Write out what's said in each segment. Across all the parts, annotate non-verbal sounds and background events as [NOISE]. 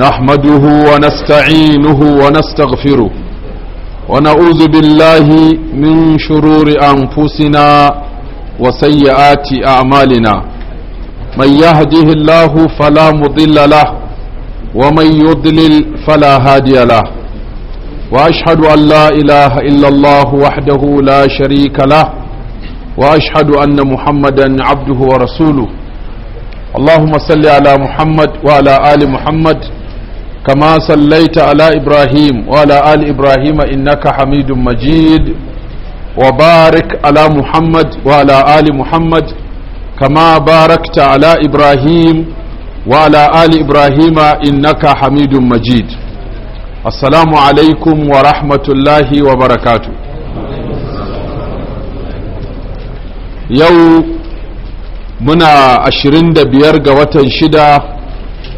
نحمده ونستعينه ونستغفره ونعوذ بالله من شرور أنفسنا وسيئات أعمالنا من يهده الله فلا مضل له ومن يضلل فلا هادي له وأشهد أن لا إله إلا الله وحده لا شريك له وأشهد أن محمدا عبده ورسوله اللهم صل على محمد وعلى آل محمد كما صليت على إبراهيم وعلى آل إبراهيم إنك حميد مجيد وبارك على محمد وعلى آل محمد كما باركت على إبراهيم وعلى آل إبراهيم إنك حميد مجيد السلام عليكم ورحمة الله وبركاته يوم muna 25 ga watan shida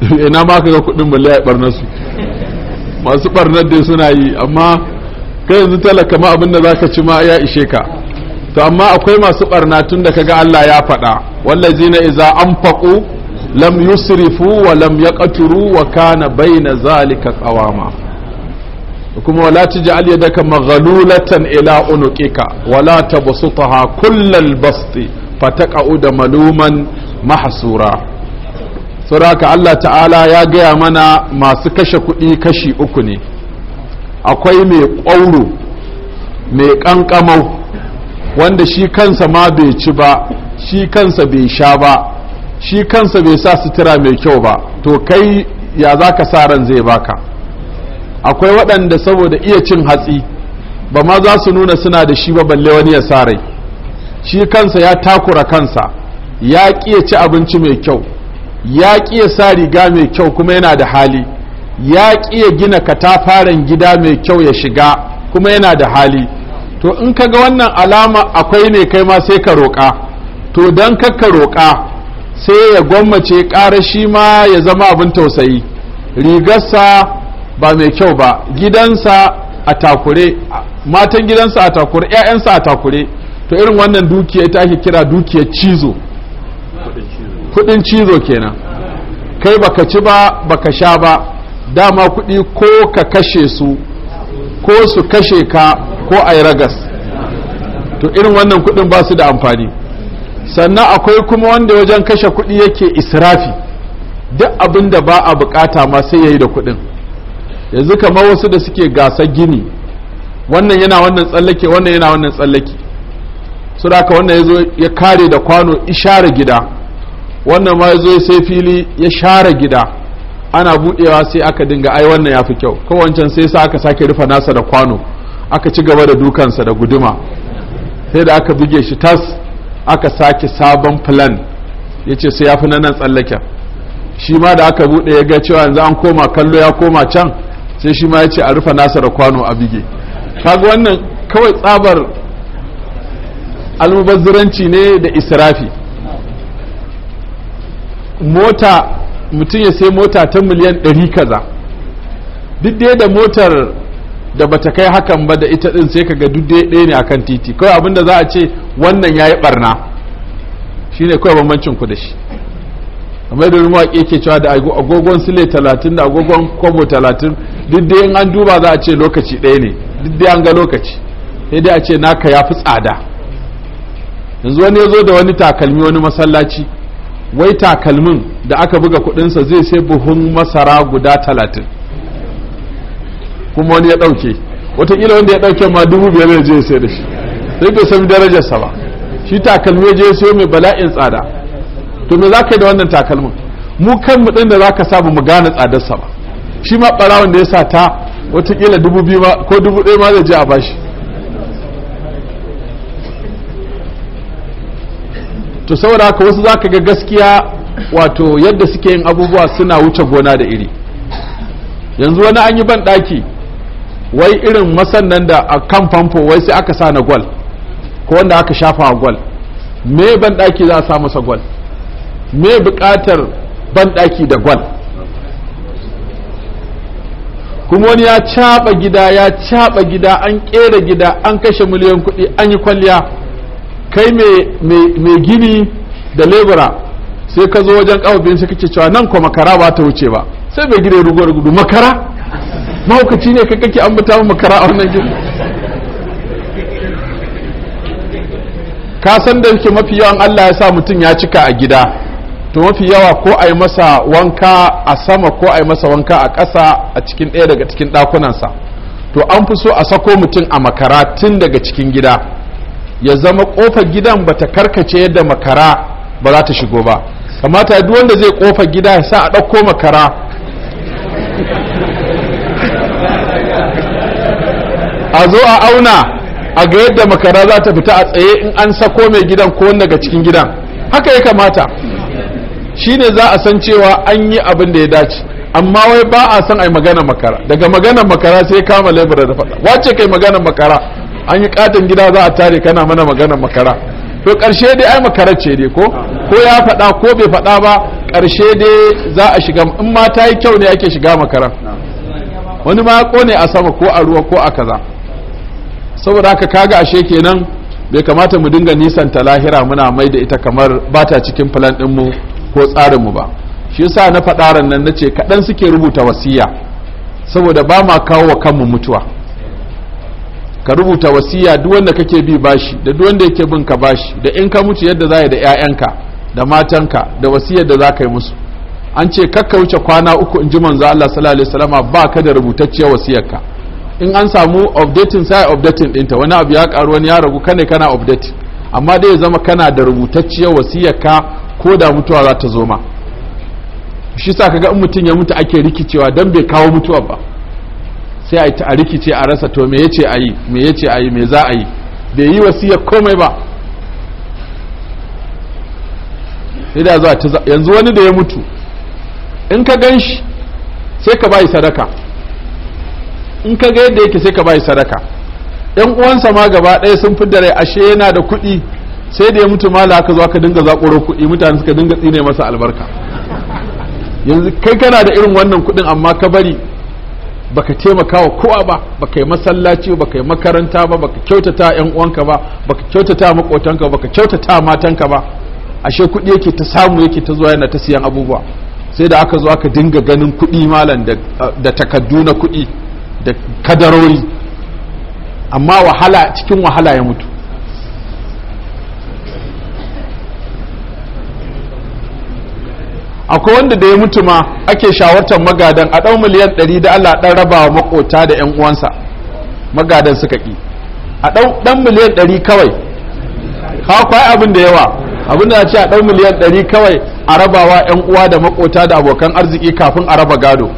[LAUGHS] ina ma ka ga kuɗin balle ya barnar su masu barnar da suna yi amma kai yanzu talaka ma abin da zaka ci ma ya ishe ka to amma akwai masu barna tun da kaga Allah ya faɗa iza an anfaqu lam yusrifu wa lam yaqturu wa kana baina zalika qawama kuma wala tij'al yadaka maghlulatan ila unuqika wala tabsutaha kullal basti fataqa'u da maluman mahsura suraka Allah ta'ala ya gaya mana masu kashe kuɗi kashi uku ne akwai mai ƙwauro mai ƙanƙamau wanda shi kansa ma bai ci ba shi kansa bai sha ba shi kansa bai sa sutura mai kyau ba to kai ya za ka sa ran zai baka akwai waɗanda saboda iya cin hatsi ba ma za su nuna suna da shi ba balle wani ya sa rai shi kansa ya takura kansa ya ƙi ya ci abinci mai kyau ya ƙi ya sa riga mai kyau kuma yana da hali ya ƙi ya gina katafaren gida mai kyau ya shiga kuma yana da hali to in ka ga wannan alama akwai ne kai ma sai ka roƙa to don kaka roƙa sai ya gwammace ƙara shi ma ya zama abin tausayi rigarsa ba mai kyau ba gidansa a takure matan gidansa a takure 'ya'yansa a takure to irin wannan dukiya ita ake kira dukiyar cizo kudin cizo kenan kai baka ci ba baka sha ba dama kudi ko ka kashe su ko su kashe ka ko a yi ragas to irin wannan kudin ba su da amfani sannan akwai kuma wanda wajen kashe kudi yake israfi duk abin da ba a bukata ma sai yayi yi da kudin yanzu kamar wasu da suke gasa gini wannan yana wannan tsallake wannan yana wannan tsallake su da wannan ya ya kare da kwano ishara gida wannan ma zo sai fili ya share gida ana budewa sai aka dinga ai wannan ya fi kyau ko wancan sai sa aka sake rufa nasa da kwano aka ci gaba da dukansa da guduma sai da aka buge shi tas aka sake sabon plan ya ce sai ya fi nan tsallake shi ma da aka bude ya ga cewa yanzu an koma kallo ya koma can sai shi ma ya ce a rufa nasa da kwano a buge kaga wannan kawai tsabar almubazziranci ne da israfi mota mutum ya sai mota ta miliyan ɗari kaza duk dai da motar da bata kai hakan ba da ita din sai kaga duk dai ɗaya ne akan titi kawai abin da za a ce wannan yayi barna shine kawai bambancin ku da shi amma da ruwa yake cewa da agogon sile 30 da agogon kobo 30 duk dai in an duba za a ce lokaci ɗaya ne duk dai an ga lokaci sai dai a ce naka ya fi tsada yanzu wani ya zo da wani takalmi wani masallaci wai takalmin da aka buga kudinsa zai sai buhun masara guda talatin kuma wani ya ɗauke watakila wanda ya ɗauke ma dubu biyar ne zai sai da shi sai bai sami darajarsa ba shi takalmi ya je sai mai bala'in tsada to me za yi da wannan takalmin mu kanmu ɗin da za ka samu mu gane tsadarsa ba shi ma ɓarawon da ya sa ta watakila dubu biyu ko dubu ɗaya ma zai je a bashi to saboda haka wasu zaka ga gaskiya wato yadda suke yin abubuwa suna wuce gona da iri yanzu wani an yi ban daki wai irin masannan da a kan famfo wai sai aka sa na gwal ko wanda aka shafa a gwal me ban daki za a sa masa gwal me buƙatar ban daki da gwal kuma wani ya caɓa gida ya caɓa gida an ƙera gida an kashe miliyan kuɗi an yi kwalliya kai mai gini da lebura sai ka zo wajen kawabin sai kake cewa nan ko makara ba ta wuce ba sai bai gida rugo da gudu makara mahaukaci ne kai kake an mu makara a wannan gini ka san da yake mafi yawan Allah ya sa mutum ya cika a gida to mafi yawa ko a yi masa wanka a sama ko a yi masa wanka a ƙasa a cikin ɗaya daga cikin ɗakunansa to an fi so a sako mutum a makara tun daga cikin gida ya zama kofar gidan ba ta karkace yadda makara ba za ta shigo ba kamata duk wanda zai kofar gida ya sa a ɗauko makara a zo a auna a ga yadda makara za ta fita a tsaye in an sako mai gidan ko daga cikin gidan haka ya kamata Shi ne za a san cewa an yi abin da ya dace amma wai ba a san ai magana makara daga magana makara sai kama lebura da faɗa wace kai magana makara an yi katon gida za a tare kana mana magana makara to karshe dai ai makara ce dai ko ko ya faɗa ko bai faɗa ba karshe dai za a shiga in ma ta yi kyau ne ake shiga makara wani ma ne a sama ko a ruwa ko a kaza saboda haka kaga ashe kenan bai kamata mu dinga nisan ta lahira muna mai da ita kamar ba ta cikin filan mu ko tsarin mu ba shi yasa na faɗara nan na ce kaɗan suke rubuta wasiya saboda ba ma kawo wa kanmu mutuwa ka rubuta wasiya duk wanda kake bi bashi da duk wanda yake bin ka bashi da in ka mutu yadda za da 'ya'yanka da matanka da wasiyar da za ka yi musu an ce kakka wuce kwana uku in ji manzo Allah sallallahu alaihi wasallama ba ka da rubutacciyar wasiyarka in an samu updating sai updating ɗinta wani abu ya karu wani ya ragu kane kana update amma dai ya zama kana da rubutacciyar ka ko da mutuwa za ta zo ma shi sa kaga in mutum ya mutu ake rikicewa dan bai kawo mutuwa ba sai a rikice a rasa to me yace a yi me yace a yi me za a yi bai yi wasiya komai ba sai da zuwa yanzu wani da ya mutu in ka gan shi sai ka bayi sadaka in ka ga yadda yake sai ka bayi sadaka yan uwansa ma gaba ɗaya sun fi da rai ashe yana da kuɗi sai da ya mutu la haka zo ka dinga zaƙoro kuɗi mutane suka dinga tsine masa albarka yanzu kai kana da irin wannan kuɗin amma ka bari baka taimaka wa kowa ba baka yi masallaci baka yi makaranta ba baka kyautata yan uwanka ba baka kyautata makotanka baka kyautata matanka ba ashe kuɗi yake ta samu yake ta zuwa yana ta siyan abubuwa sai da aka zo aka dinga ganin kuɗi malam da takaddu na kuɗi da kadarori amma wahala cikin wahala ya mutu akwai wanda da ya mutu ma ake shawartar magadan a ɗau miliyan ɗari da Allah ɗan raba wa makota da ƴan uwansa magadan suka ƙi a ɗau ɗan miliyan ɗari kawai ka kwai abin da yawa abin da ce a ɗau miliyan ɗari kawai a rabawa ƴan uwa da makota da abokan arziki kafin a raba gado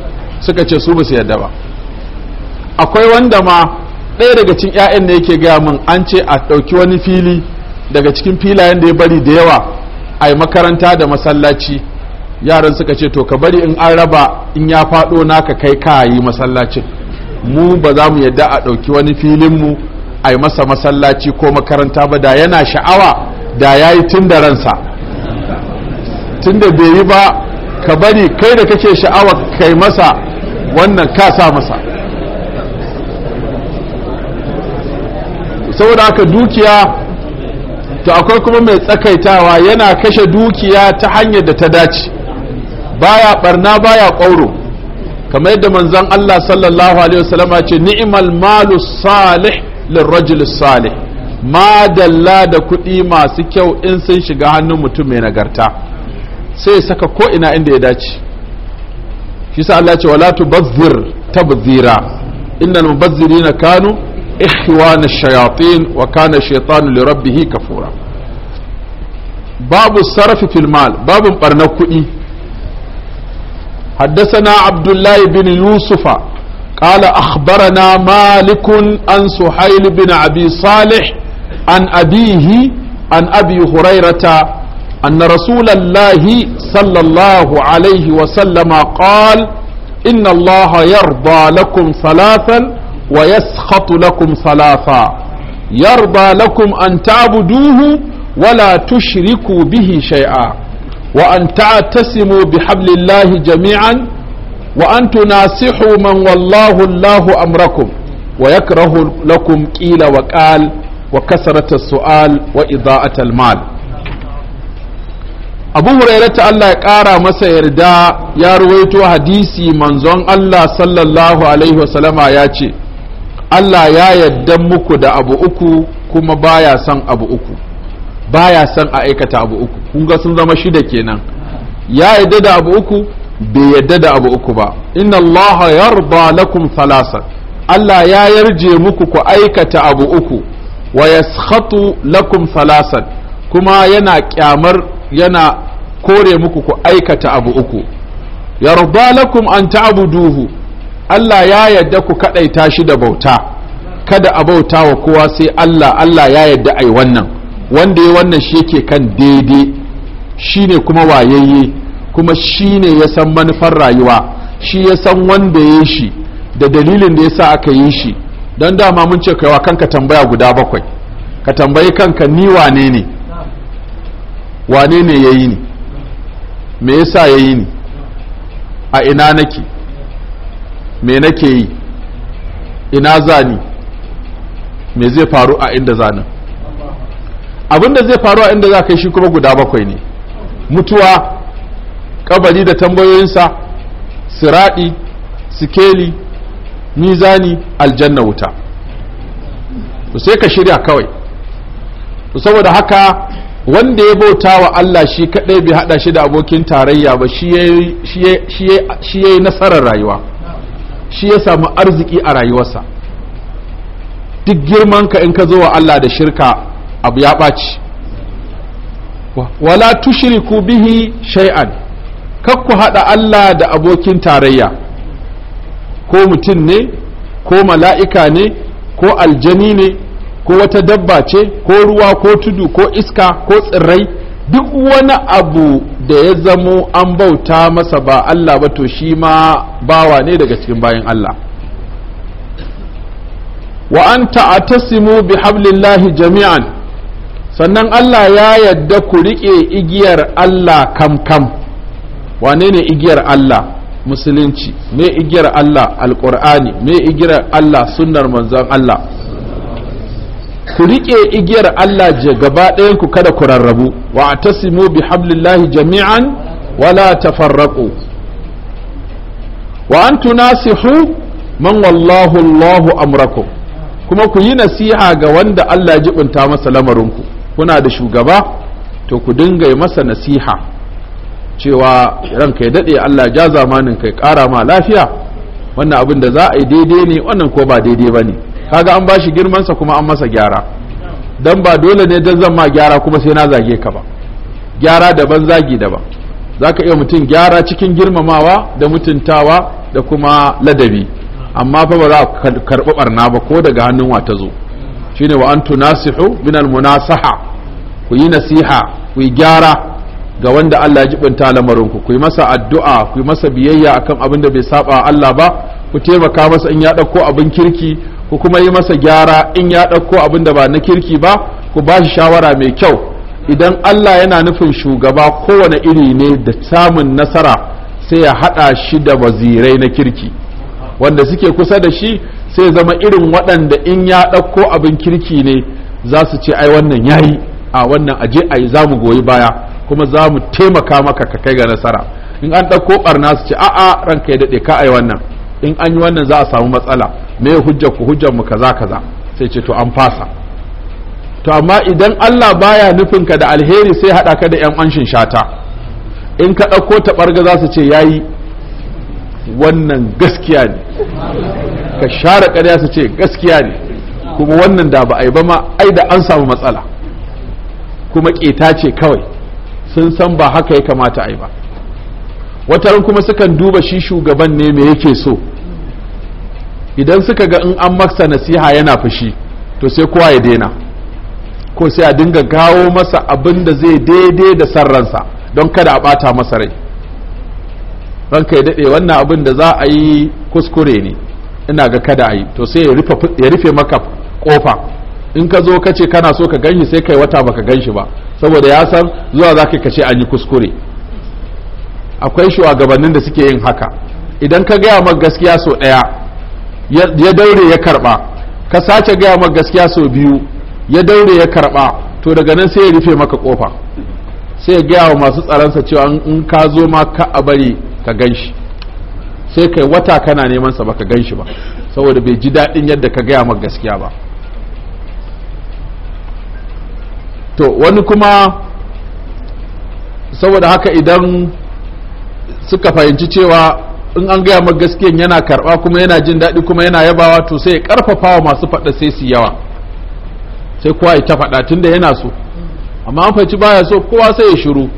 suka ce su ba su yarda ba akwai wanda ma ɗaya daga cikin 'ya'yan da yake gaya min an ce a ɗauki wani fili daga cikin filayen da ya bari da yawa a yi makaranta da masallaci yaran suka ce to ka bari in an raba in ya faɗo naka kai ka yi masallacin mu ba za mu yadda a ɗauki wani filin mu a yi masa masallaci ko makaranta ba da yana sha'awa da ya yi tun da ransa tun da bai yi ba ka bari kai da kake sha'awa kai masa wannan ka sa masa saboda haka dukiya to akwai kuma mai tsakaitawa yana kashe dukiya ta hanyar da ta dace baya barna baya ƙwauro kamar yadda manzon Allah sallallahu alaihi wasallama ce ni'mal malu salih lirrajul salih ma dalla da kuɗi masu kyau in sun shiga hannun mutum mai nagarta sai saka ko ina inda ya dace shi sa Allah ce wala tubazzir tabzira innal mubazzirina kanu ikhwana shayatin wa kana shaytanu li rabbihi kafura babu sarfi fil mal babu barnar kuɗi حدثنا عبد الله بن يوسف قال أخبرنا مالك عن سحيل بن أبي صالح عن أبيه عن أبي هريرة أن رسول الله صلى الله عليه وسلم قال إن الله يرضى لكم ثلاثا ويسخط لكم ثلاثا يرضى لكم أن تعبدوه ولا تشركوا به شيئا wa an ta'tasimu bihablillahi jami'an wa an tunasihu man wallahu Allahu amrakum wa yakrahu lakum qila wa qal wa kasrata su'al wa ida'atal mal Abu Hurairah Allah ya ƙara masa yarda ya ruwaito hadisi manzon Allah sallallahu alaihi wasallama ya ce Allah ya yarda muku da abu uku kuma baya son abu uku baya san a aikata abu uku kun ga sun zama shida kenan ya yadda da abu uku bai yadda da abu uku ba inna Allah yarda lakum thalathan Allah ya yarje muku ku aikata abu uku wa yaskhatu lakum thalathan kuma yana kyamar yana kore muku ku aikata abu uku yarda lakum an ta'buduhu Allah ya yadda ku kadaita shi da bauta kada a bauta wa kowa sai Allah Allah ya yadda ai wannan wanda ya wannan shi yake kan daidai ne kuma wayayye kuma shi ne ya san manufar rayuwa shi ya san wanda ya shi da dalilin da ya sa aka yi shi don dama mun ce kaiwa kanka tambaya guda bakwai ka tambayi kanka ni wane ne wane ne ya yi ni me ya sa ya yi ni a ina nake me nake yi ina zani me zai faru a inda zanin abinda zai faru a inda za kai yi shi kuma guda bakwai ne mutuwa kabari da tambayoyinsa siraɗi sikeli mizani aljanna wuta sai ka shirya kawai saboda haka wanda ya bauta wa Allah shi kadai bai hada shi da abokin tarayya ba shi ya yi nasarar rayuwa shi ya samu arziki a rayuwarsa duk girman ka in ka zo wa Allah da shirka abu ya ɓaci wala ku bihi shay'an ku haɗa Allah da abokin tarayya ko mutum ne ko mala'ika ne ko aljani ne ko wata dabba ce ko ruwa ko tudu ko iska ko tsirrai duk wani abu da ya zamo an bauta masa ba Allah ba to shi ma bawa ne daga cikin bayan Allah wa an ta'tasimu bi jami'an sannan Allah ya yadda ku riƙe igiyar Allah kam kam wane ne igiyar Allah musulunci me igiyar Allah alƙur'ani me igiyar Allah sunnar manzon Allah ku riƙe igiyar Allah je gaba ɗayan ku kada ku rarrabu wa tasimu bi hablillahi jami'an wala tafarraqu wa an tunasihu man wallahu Allahu amrakum kuma ku yi nasiha ga wanda Allah ya jibinta masa lamarinku kuna da shugaba to ku dinga yi masa nasiha cewa ranka ya daɗe Allah ja zamanin kai kara ma lafiya wannan abin da za a yi daidai ne wannan ko ba daidai ba ne kaga an bashi girmansa kuma an masa gyara dan ba dole ne dan zan ma gyara kuma sai na zage ka ba gyara daban zagi daban zaka iya mutum gyara cikin girmamawa da mutuntawa da kuma ladabi amma fa ba za ka karɓi barna ba ko daga hannun wa ta zo shine wa antu nasihu min almunasaha ku yi nasiha ku yi gyara ga wanda Allah ya jibinta lamarin ku ku yi masa addu'a ku yi masa biyayya akan abin da bai saba Allah ba ku taimaka masa in ya ɗauko abin kirki ku kuma yi masa gyara in ya ɗauko abin da ba na kirki ba ku ba shi shawara mai kyau idan Allah yana nufin shugaba kowane iri ne da samun nasara sai ya haɗa shi da wazirai na kirki wanda suke kusa da shi sai zama irin waɗanda in ya ɗauko abin kirki ne za su ce ai wannan ya yi a wannan aje ayi za mu goyi baya kuma za mu taimaka maka ka kai ga nasara in an ɗauko ɓarna su ce a'a ranka ya daɗe ka ai wannan in an yi wannan za a samu matsala me hujjar ku hujjar mu kaza kaza sai ce to an fasa to amma idan Allah baya nufin ka da alheri sai haɗa ka da yan anshin shata in ka ɗauko ta ɓarga za su ce yayi wannan gaskiya ne ka share ƙarya su ce gaskiya ne kuma wannan da ba a yi ba ma ai da an samu matsala kuma ƙeta ce kawai sun san ba haka ya kamata a yi ba wataran kuma sukan duba shi shugaban ne me yake so idan suka ga in an maksa nasiha yana fushi to sai kowa ya daina ko sai a dinga kawo masa abin da zai daidai da sarransa don kada a ɓata masa rai ranka ya daɗe wannan abin da za a yi kuskure ne ina ga kada a yi to sai ya rufe maka kofa in ka zo kace kana so ka ganshi sai kai wata baka ganshi ba saboda ya san zuwa za ka kace an yi kuskure akwai shugabannin da suke yin haka idan ka gaya maka gaskiya so ɗaya ya daure ya karɓa ka sace gaya maka gaskiya so biyu ya daure ya karɓa to daga nan sai ya rufe maka kofa sai ya gaya wa masu tsaronsa cewa in ka zo ma ka a bari ka gan shi sai kai wata kana neman sa baka gan shi ba saboda bai ji daɗin yadda ka gaya maka gaskiya ba to wani kuma saboda haka idan suka fahimci cewa in an gaya maka gaskiyan yana karba kuma yana jin daɗi kuma yana yabawa to sai karfafa wa masu faɗa sai su yawa sai kowa ya ta faɗa tunda yana so amma an fahimci baya so kowa sai ya shiru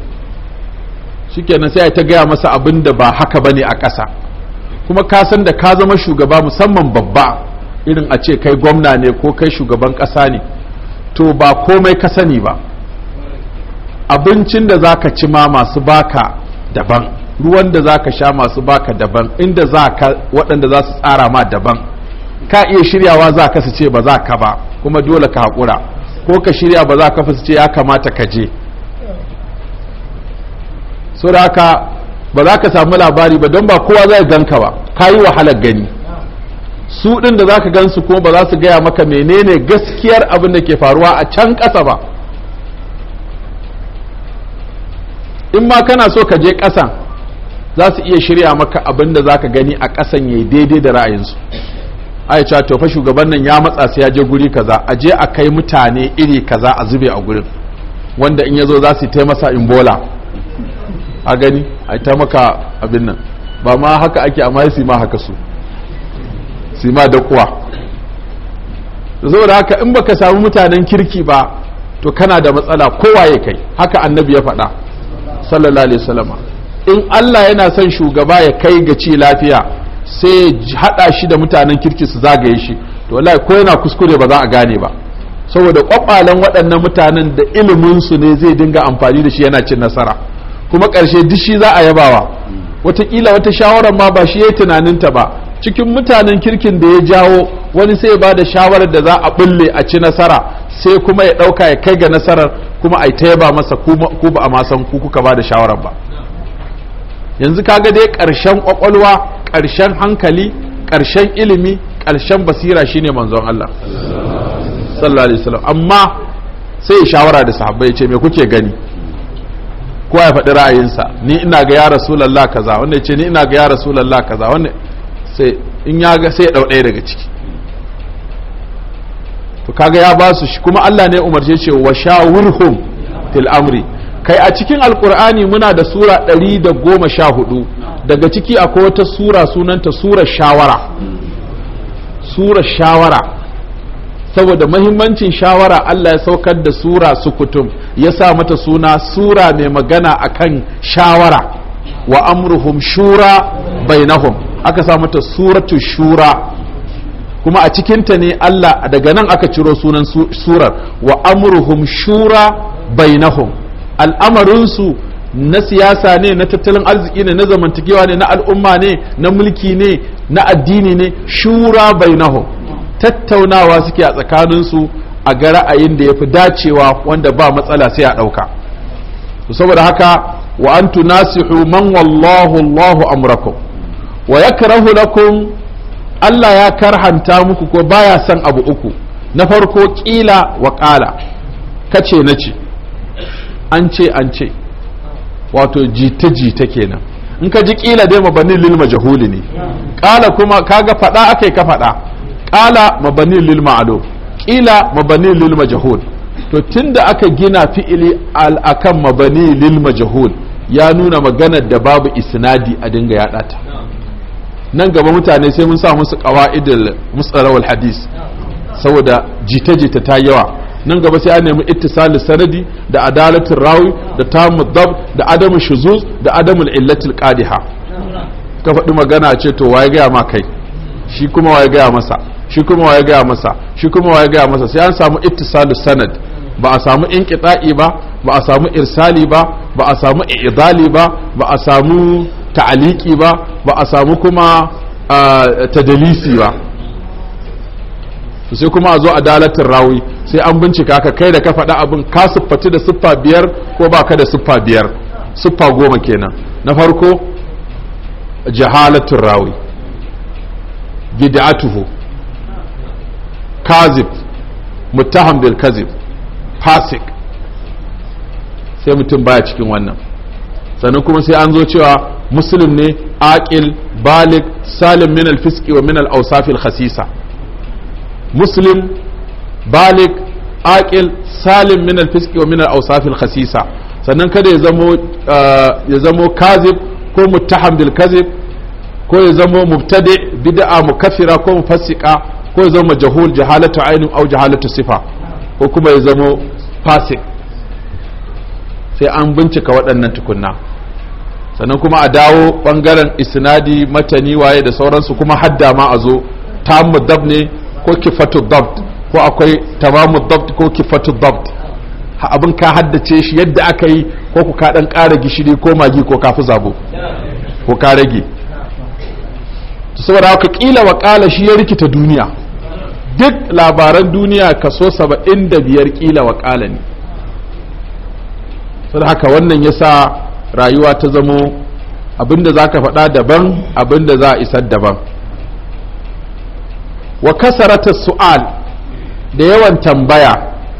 shikenan sai ta gaya masa abin da ba haka bane a ƙasa kuma ka san da ka zama shugaba musamman babba irin a ce kai gwamna ne ko kai shugaban ƙasa ne to ba komai ka sani ba abincin da za ka ci ma masu baka daban ruwan da za ka sha masu baka daban inda za ka waɗanda za su tsara ma daban ka iya shiryawa za ka su ce ba za ka ba kuma dole ka haƙura ko ka shirya ba za ka fi su ce ya kamata ka je so da haka ba za ka samu labari ba don ba kowa zai ganka ba ka yi wahalar gani su ɗin da za ka gansu kuma ba za su gaya maka menene gaskiyar abin da ke faruwa a can ƙasa ba in ma kana so ka je ƙasan za su iya shirya maka abin da za ka gani a ƙasan ya yi daidai da ra'ayinsu aisha to fa shugaban nan ya matsa su ya je guri kaza a je a kai mutane iri kaza a zube a gurin wanda in ya zo za su taimasa in bola a gani a ta maka abin nan ba ma haka ake amma ya ma haka su sima da kuwa saboda haka in baka samu mutanen kirki ba to kana da matsala kowa ya kai haka annabi ya faɗa sallallahu alaihi wasallam in Allah yana son shugaba ya kai ga ci lafiya sai ya hada shi da mutanen kirki su zagaye shi to wallahi ko yana kuskure ba za a gane ba saboda kwakwalen waɗannan mutanen da ilimin su ne zai dinga amfani da shi yana cin nasara kuma ƙarshe duk shi za a yabawa wataƙila wata shawarar ma ba shi ya yi tunaninta ba cikin mutanen kirkin da ya jawo wani sai ba da shawarar da za a bulle a ci nasara sai kuma ya ɗauka ya kai ga nasarar kuma a ta yaba masa ku ba a masan ku kuka ba da shawarar ba yanzu kaga dai ƙarshen ƙwaƙwalwa ƙarshen hankali ƙarshen ilimi ƙarshen basira shine manzon Allah sallallahu alaihi wasallam amma sai shawara da sahabbai ce me kuke gani kowa ya faɗi ra'ayinsa ni ina ga ya rasulallah kaza wanda ce ni ina ga ya rasulallah kaza wanda sai in ya ga sai ya ɗau ɗaya daga ciki to kaga ya ba su shi kuma Allah ne umarce ce wa shawurhum fil amri kai a cikin alkur'ani muna da sura ɗari da goma sha hudu daga ciki akwai wata sura sunanta sura shawara sura shawara saboda mahimmancin shawara Allah ya saukar da sura sukutum ya sa mata suna sura mai magana akan shawara wa amruhum shura bainahum aka sa mata suratu shura kuma a cikinta ne Allah daga nan aka ciro sunan surar wa amruhum shura bainahum al'amarinsu na siyasa ne na tattalin arziki ne na zamantakewa ne na al'umma ne na mulki ne na addini ne shura bainahum tattaunawa suke a tsakaninsu a ga ra'ayin da ya fi dacewa wanda ba matsala sai a ɗauka saboda haka wa an tunasihu man wallahu Allahu amrakum wa yakrahu lakum Allah ya karhanta muku ko baya son abu uku na farko kila wa kala kace na ce an ce an ce wato jita jita kenan in ka ji kila dai mabanin lil majhuli ne kala kuma kaga faɗa akai ka faɗa. qala mabani lil ma'lum qila mabani lil majhul to tunda aka gina fi'ili al akan mabani lil majhul ya nuna maganar da babu isnadi a dinga yada ta nan gaba mutane sai mun sa musu qawaidul musarawal hadis saboda jita-jita ta yawa nan gaba sai an nemi ittisali sanadi da adalatin rawi da tamud dab da adamu shuzuz da adamu illatil qadiha ka faɗi magana ce to waye gaya ma kai shi kuma waye gaya masa shi kuma waye gaya masa shi kuma waye gaya masa sai an samu ittisalu sanad ba a samu inqita'i ba ba a samu irsali ba ba a samu i'dali ba ba a samu ta'aliki ba ba a samu kuma tadalisi ba sai kuma a zo adalatin rawi sai an bincika ka kai da ka faɗa abin ka siffati da siffa biyar ko ba ka da siffa biyar siffa goma kenan na farko jahalatun rawi bid'atuhu kazib muttaham bil kazib sai mutum baya cikin wannan sannan kuma sai an zo cewa muslim ne aqil balik salim min al fiski wa min al khasisa muslim balik aqil salim min al fiski wa min al khasisa sannan kada eh, ya zamo kazib ko muttaham bil kazib ko ya zamo mubtadi bid'a mukaffira ko mufassiqa ko ya zama jahul jahalatu ainin au jahalatu sifa ko kuma ya zama fasik sai an bincika waɗannan tukunna sannan kuma a dawo ɓangaren isnadi matani waye da sauransu kuma hadda ma a zo tamu dab ne ko kifatu dab ko akwai tamamu dab ko kifatu dab abin ka haddace shi yadda aka yi ko ku ka ɗan ƙara gishiri ko magi ko kafi zabo ko ka rage saboda haka kila wa kala shi ya rikita duniya duk labaran duniya kaso saba'in da biyar kila wa kalani ne saboda haka wannan ya sa rayuwa ta zamo abinda za ka faɗa daban abinda za a isar daban wa kasarata su'al da yawan tambaya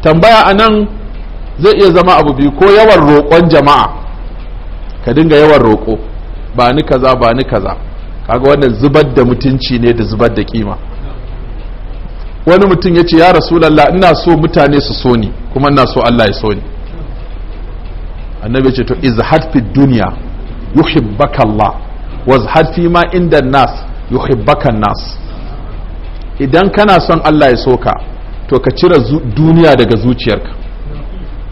tambaya a nan zai iya zama abu biyu ko yawan roƙon jama'a ka dinga yawan roƙo ba ni kaza ba ni kaza kaga wannan zubar da mutunci ne da zubar da kima wani mutum ya ce ya rasulallah ina so mutane su so ni kuma ina so Allah ya so ni annabi ce to izhad fi dunya yuhibbaka Allah wazhad fi ma inda nas yuhibbaka nas idan kana son Allah ya so ka to ka cire duniya daga zuciyarka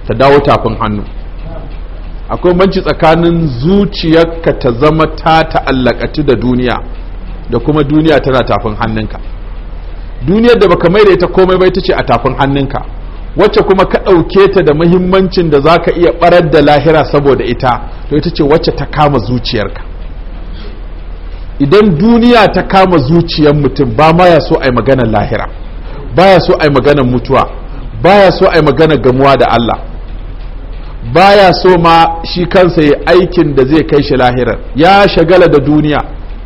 ta dawo tafin hannu akwai banci tsakanin zuciyarka ta zama ta ta'allakatu da duniya da kuma duniya tana tafin hannunka duniyar da baka maida ita komai bai ta ce a tafin hannunka wacce kuma ka ɗauke ta da muhimmancin da za ka iya ɓarar da lahira saboda ita to ita ce wacce ta kama zuciyarka idan duniya ta kama zuciyar mutum ba ma ya so a yi maganar lahira ba ya so a yi maganar mutuwa ba ya so a yi maganar gamuwa da Allah ba ya so ma shi kansa ya aikin da zai kai shi lahirar ya shagala da duniya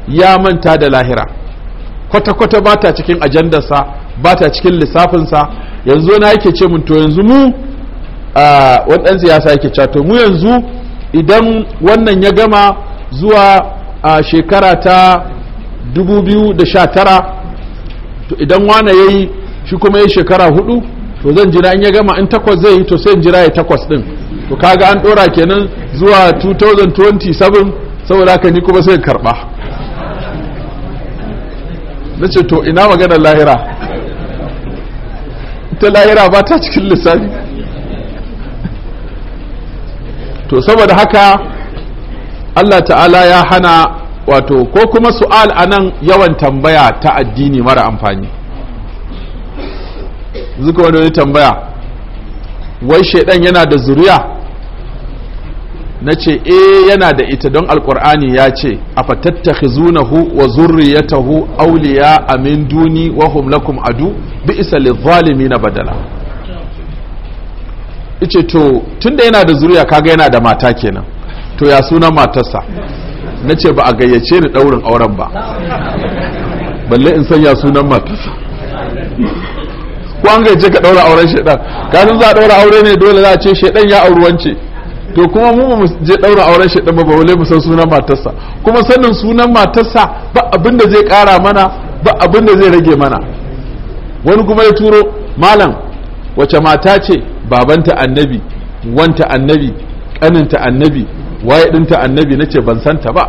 ya manta da lahira kwata-kwata ba ta cikin ajandarsa ba ta cikin lissafinsa yanzu na yake ce mun to yanzu mu a waɗansu siyasa yake to mu yanzu idan wannan ya gama zuwa a shekara ta 2019 idan wane ya yi shi kuma ya shekara hudu to zan jira in ya gama in takwas zai yi to sai jira ya takwas ɗin to kaga an ɗora kenan zuwa 2027 saboda haka ni kuma sai karɓa. na ce to ina maganar lahira ta lahira ba ta cikin lissafi to saboda haka Allah ta'ala ya hana wato ko kuma su'al a nan yawan tambaya ta addini mara amfani zuka wani tambaya wai shaidan yana da zuriya na ce e eh, yana da ita don alkur'ani ya ce a zunahu wa zurriyatahu awliya amin duni wa hum lakum adu bi isa na badala ice to tunda yana da zuriya kaga yana da mata kenan to ya suna matarsa na ce ba a gayyace ni daurin auren ba balle in sanya sunan matarsa ko an gayyace ka daura auren shaidan kasan za a daura aure ne dole za a ce shaidan ya auri wance to kuma mu mu je daura auren shi ba wale mu san sunan matarsa kuma sanin sunan matarsa ba abin da zai kara mana ba abin da zai rage mana wani kuma ya turo malam wace mata ce babanta annabi wanta annabi kaninta annabi waye dinta annabi nace ban santa ba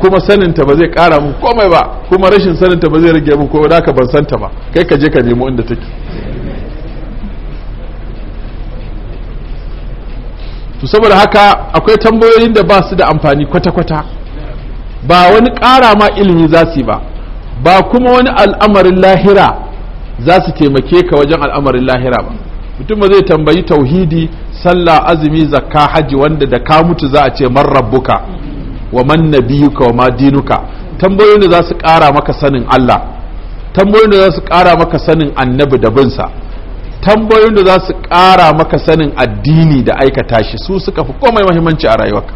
kuma sanin ta ba zai kara min komai ba kuma rashin sanin ta ba zai rage mu ko da ka ban santa ba kai ka je ka nemo inda take to saboda haka akwai tambayoyin da ba su da amfani kwata-kwata ba wani ƙara ma ilimi za su ba ba kuma wani al'amarin lahira za su taimake ka wajen al'amarin lahira ba mutum zai tambayi tauhidi sallah azumi zakka haji wanda da ka mutu za a ce man rabbuka wa man nabiyuka wa ma dinuka tambayoyin da za su ƙara maka sanin Allah tambayoyin da za su ƙara maka sanin annabi da binsa tambayoyin da za su ƙara maka sanin addini da aikata shi su suka fi komai mahimmanci a rayuwarka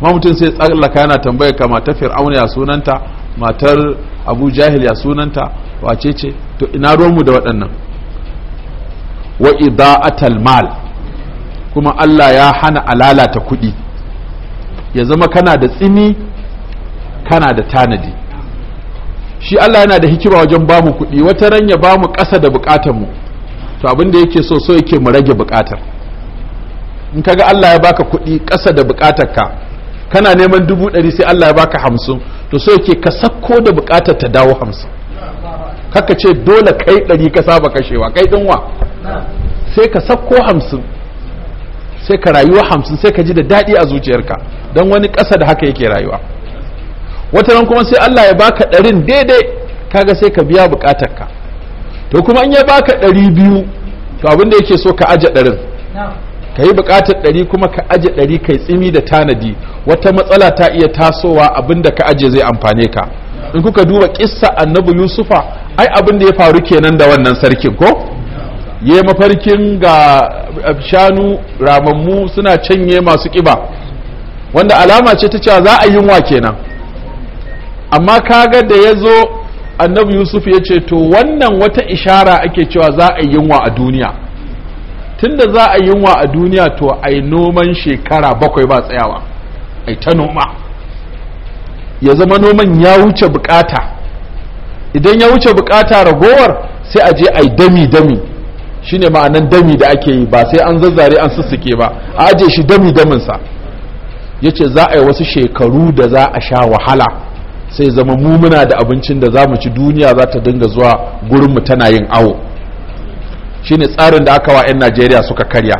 ma mutum sai tsallaka yana tambayar ka matar fir'auna ya sunanta matar abu jahil ya sunanta wace ce to ina romu da waɗannan wa ida'atal mal kuma Allah ya hana alalata kuɗi ya zama kana da tsini kana da tanadi shi Allah yana da hikima wajen bamu kuɗi wata ran ya bamu ƙasa da buƙatar mu to abin da yake so so yake mu rage bukatar in kaga Allah ya baka kuɗi ƙasa da bukatar ka kana neman dubu ɗari sai Allah ya baka hamsin to so yake ka sakko da bukatar ta dawo hamsin kaka ce dole kai ɗari ka saba kashewa kai wa? sai ka sakko hamsin sai ka rayuwa hamsin sai ka ji da daɗi a zuciyarka don wani ƙasa da haka yake rayuwa wata nan kuma sai Allah ya baka ɗarin daidai kaga sai ka biya ka to kuma in ya baka ɗari biyu to abinda yake so ka aje ɗarin ka yi buƙatar ɗari kuma ka aje ɗari kai tsimi da tanadi wata matsala ta iya tasowa abinda ka aje zai amfane ka in kuka duba ƙissa annabi yusufa ai abinda ya faru kenan da wannan sarkin ko ya mafarkin ga eh, shanu ramammu suna canye masu ƙiba wanda alama ce ta cewa za a yi yunwa kenan amma kaga da ya zo annabi yusuf ya ce to wannan wata ishara ake cewa za a yi yunwa a duniya tunda za a yi yunwa a duniya to a yi noman shekara bakwai ba tsayawa a ta noma ya zama noman ya wuce bukata idan ya wuce bukata ragowar sai a je a yi dami-dami shine ma'anan dami da ake yi ba sai an zazzare an sussuke ba a aje shi dami-daminsa ya ce za a yi wasu shekaru da za a sha wahala sai zama mu muna da abincin da za mu ci duniya za ta dinga zuwa gurinmu tana yin awo shine tsarin da aka wa 'yan najeriya suka karya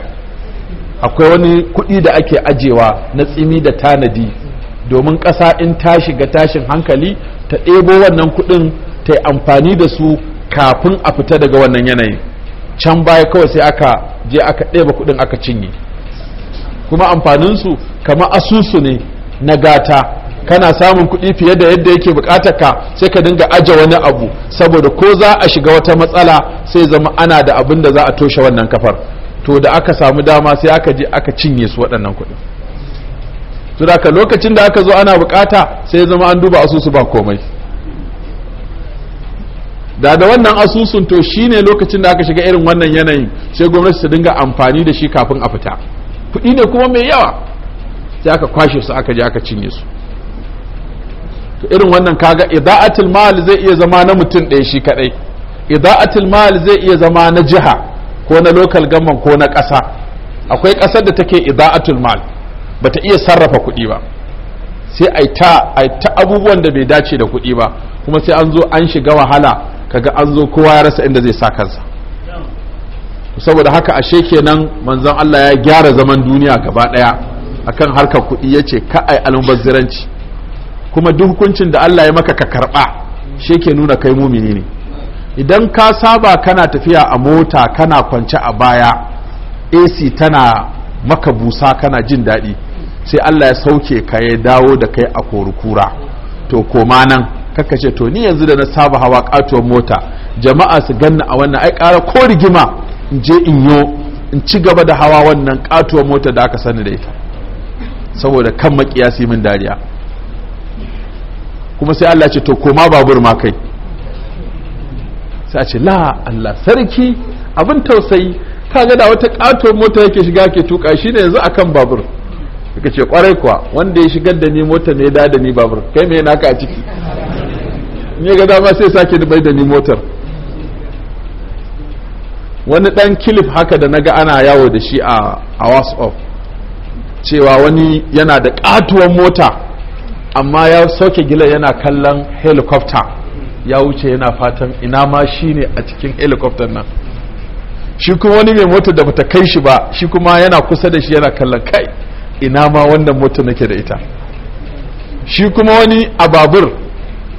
akwai wani kuɗi da ake ajewa na tsimi da tanadi domin ƙasa in ta shiga tashin hankali ta ɗebo wannan kuɗin ta yi amfani da su kafin a fita daga wannan yanayi can baya kawai sai aka je aka ɗeba kuɗin aka cinye kuma amfaninsu kama asusu ne na gata kana samun kuɗi fiye da yadda yake bukatar ka sai ka dinga aje wani abu saboda ko za a shiga wata matsala sai zama ana da abin da za a toshe wannan kafar to da aka samu dama sai aka je aka cinye su waɗannan kuɗi to da ka lokacin da aka zo ana bukata sai zama an duba asusu ba komai da da wannan asusun to shine lokacin da aka shiga irin wannan yanayin sai gwamnati su dinga amfani da shi kafin a fita kuɗi ne kuma mai yawa sai aka kwashe su aka je aka cinye su to irin wannan kaga ida'atul mal zai iya zama na mutum ɗaya shi kadai ida'atul mal zai iya zama na jiha ko na local government ko na ƙasa akwai ƙasar da take ida'atul mal bata iya sarrafa kuɗi ba sai ai ta ai ta abubuwan da bai dace da kuɗi ba kuma sai an zo an shiga wahala kaga an zo kowa ya rasa inda zai sa kansa saboda haka ashe kenan manzon Allah ya gyara zaman duniya gaba daya akan harkar kuɗi yace ka ai almubazziranci kuma duk hukuncin da Allah ya maka ka karba shi ke nuna kai mumini ne idan ka saba kana tafiya a mota kana kwance a baya AC tana maka busa kana jin daɗi sai Allah ya sauke ka ya dawo da kai a korukura to koma nan kaka ce to ni yanzu da na saba hawa katuwar mota jama'a su ganna a wannan ai ƙara ko rigima in je in yo in ci gaba da hawa wannan katuwar mota da aka sani da ita saboda kan makiyasi min dariya kuma sai Allah ce to koma babur ma kai sai ce la Allah sarki abin tausayi ka ga da wata katon mota yake shiga ke tuka shi ne yanzu akan babur kake ce kwarai kuwa wanda ya shigar da ni mota ne da da ni babur kai me naka a ciki ne ga dama sai sake bai da ni motar wani dan kilif haka da naga ana yawo da shi a a wasof cewa wani yana da katuwar mota amma ya sauke gila yana kallon helicopter ya wuce yana fatan ina ma shi ne a cikin helicopter nan shi kuma wani mai motar da bata kai shi ba shi kuma yana kusa da shi yana kallon kai ina ma wannan motar nake da ita shi kuma wani a babur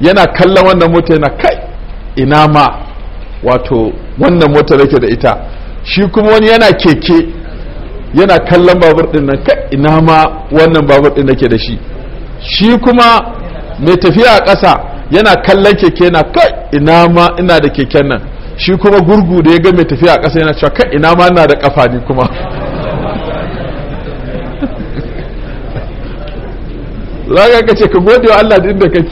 yana kallon wannan motar yana kai ina ma wato wannan motar nake da ita shi kuma wani yana keke yana kallon babur din nan kai ina ma wannan babur din nake da shi shi kuma mai tafiya a ƙasa yana kallon keke na kai ina ma ina da keken nan shi kuma gurgu da ya ga mai tafiya a ƙasa yana cewa kai ina ma ina da ƙafa ni kuma [LAUGHS] za ka kace ka gode wa Allah da inda kake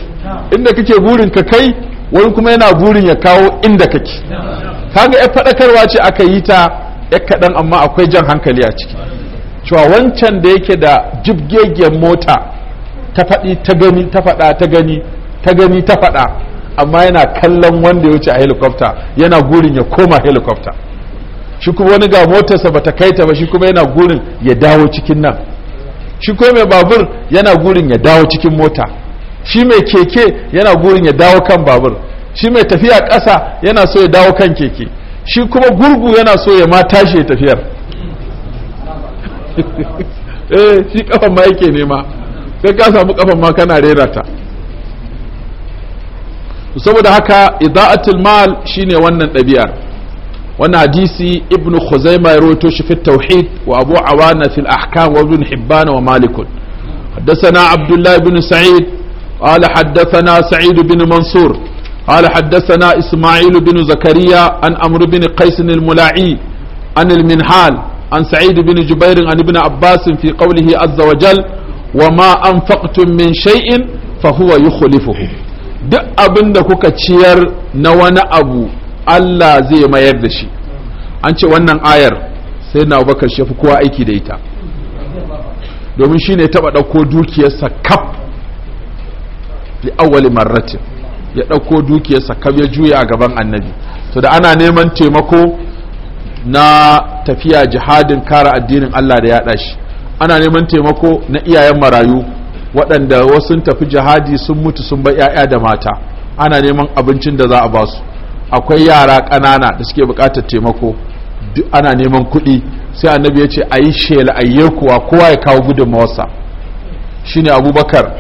inda kake burin ka kai wani kuma yana burin ya kawo inda kake kaga ya faɗakarwa ce aka yi ta ya kaɗan amma akwai jan hankali a ciki cewa wancan da yake da jibgegen mota ta faɗi ta gani ta faɗa ta gani ta gani ta faɗa amma yana kallon wanda ya wuce a helicopter yana gurin ya koma helikofta. shi kuma wani ga motarsa bata kai ta ba shi kuma yana gurin ya dawo cikin nan shi kuma mai babur yana gurin ya dawo cikin mota shi mai keke yana gurin ya dawo kan babur shi mai tafiya ƙasa yana so ya dawo kan keke shi kuma gurgu yana so ya ma tashi ya tafiyar [LAUGHS] eh shi kafa ma yake nema sai ka samu kafan ma kana rera ta saboda haka ida'atul mal shine wannan ɗabi'ar wannan hadisi ibn khuzaima ya rawaito shi fi tauhid wa abu awana fil ahkam wa ibn hibban wa malik hadasana abdullah bin sa'id سعيد قال حدثنا سعيد بن منصور قال حدثنا إسماعيل بن زكريا عن أمر بن قيس الملاعي عن المنحال عن سعيد بن جبير عن ابن عباس في قوله عز وجل wa ma anfaqtum min shay'in fa huwa duk abin da kuka ciyar na wani abu Allah zai mayar da shi an ce wannan ayar sai na bakar shafi kowa aiki da ita domin shine ya taba ɗauko dukiyarsa kaf fi awwali marratin ya dauko dukiyarsa kaf ya juya a gaban annabi to da ana neman taimako na tafiya jihadin kara addinin Allah da ya shi ana neman taimako na iyayen marayu waɗanda wasu tafi jihadi sun mutu sun bar 'ya'ya da mata ana neman abincin da za a ba su akwai yara ƙanana da suke buƙatar taimako ana neman kuɗi sai annabi ya ce a yi shela a yi kuwa kowa ya kawo shi shine abubakar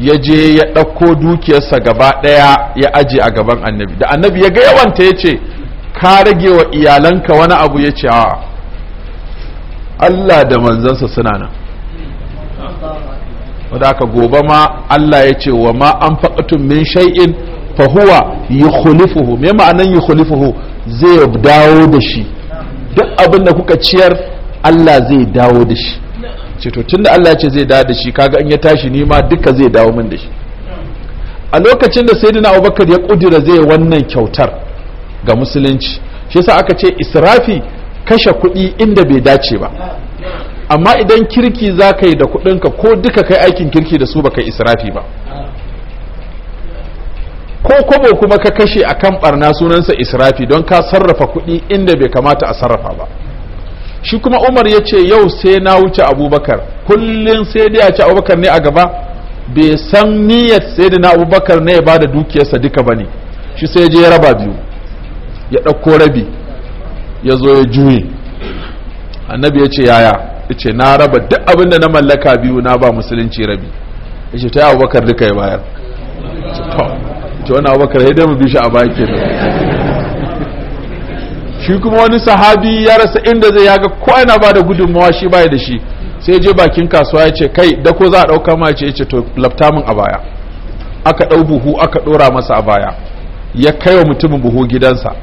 ya je ya ɗauko dukiyarsa gaba ɗaya ya aje a gaban annabi da annabi ya ga yawanta ya ce ka rage wa iyalanka wani abu ya ce Allah da manzansa suna nan wadda aka gobe ma Allah ya ce wa ma an faƙatun min shay'in fahuwa yi khulifuhu me ma'anan khulifuhu zai dawo da shi duk abin da kuka ciyar Allah zai dawo da shi ce to tunda Allah ya ce zai dawo da shi kaga in ya tashi ni ma duka zai dawo min da shi a lokacin da sayyidina Abubakar ya kudura zai wannan kyautar ga musulunci shi yasa aka ce israfi kashe kuɗi inda bai dace ba amma idan kirki za ka yi da kuɗinka ko duka kai aikin kirki da su ba kai israfi ba ko kwabo kuma ka kashe a kan ɓarna sunansa israfi don ka sarrafa kuɗi inda bai kamata a sarrafa ba shi kuma umar ya ce yau sai na wuce abubakar kullum sai dai a ci abubakar ne a gaba bai san niyyar sai da na abubakar ne ya ba da dukiyarsa duka ba ne shi sai je ya raba biyu ya ɗauko rabi ya zo ya juye annabi ya ce yaya ya ce na raba duk abin da na mallaka biyu na ba musulunci rabi ya ce ta yi abubakar duka ya bayar ta wani abubakar ya mu bi shi a baki shi kuma wani sahabi ya rasa inda zai yaga ko yana ba da gudunmawa shi baya da shi sai je bakin kasuwa ya ce kai da ko za a ɗauka ma ce ya ce to lafta min a baya aka ɗau buhu aka ɗora masa a baya ya kai wa mutumin buhu gidansa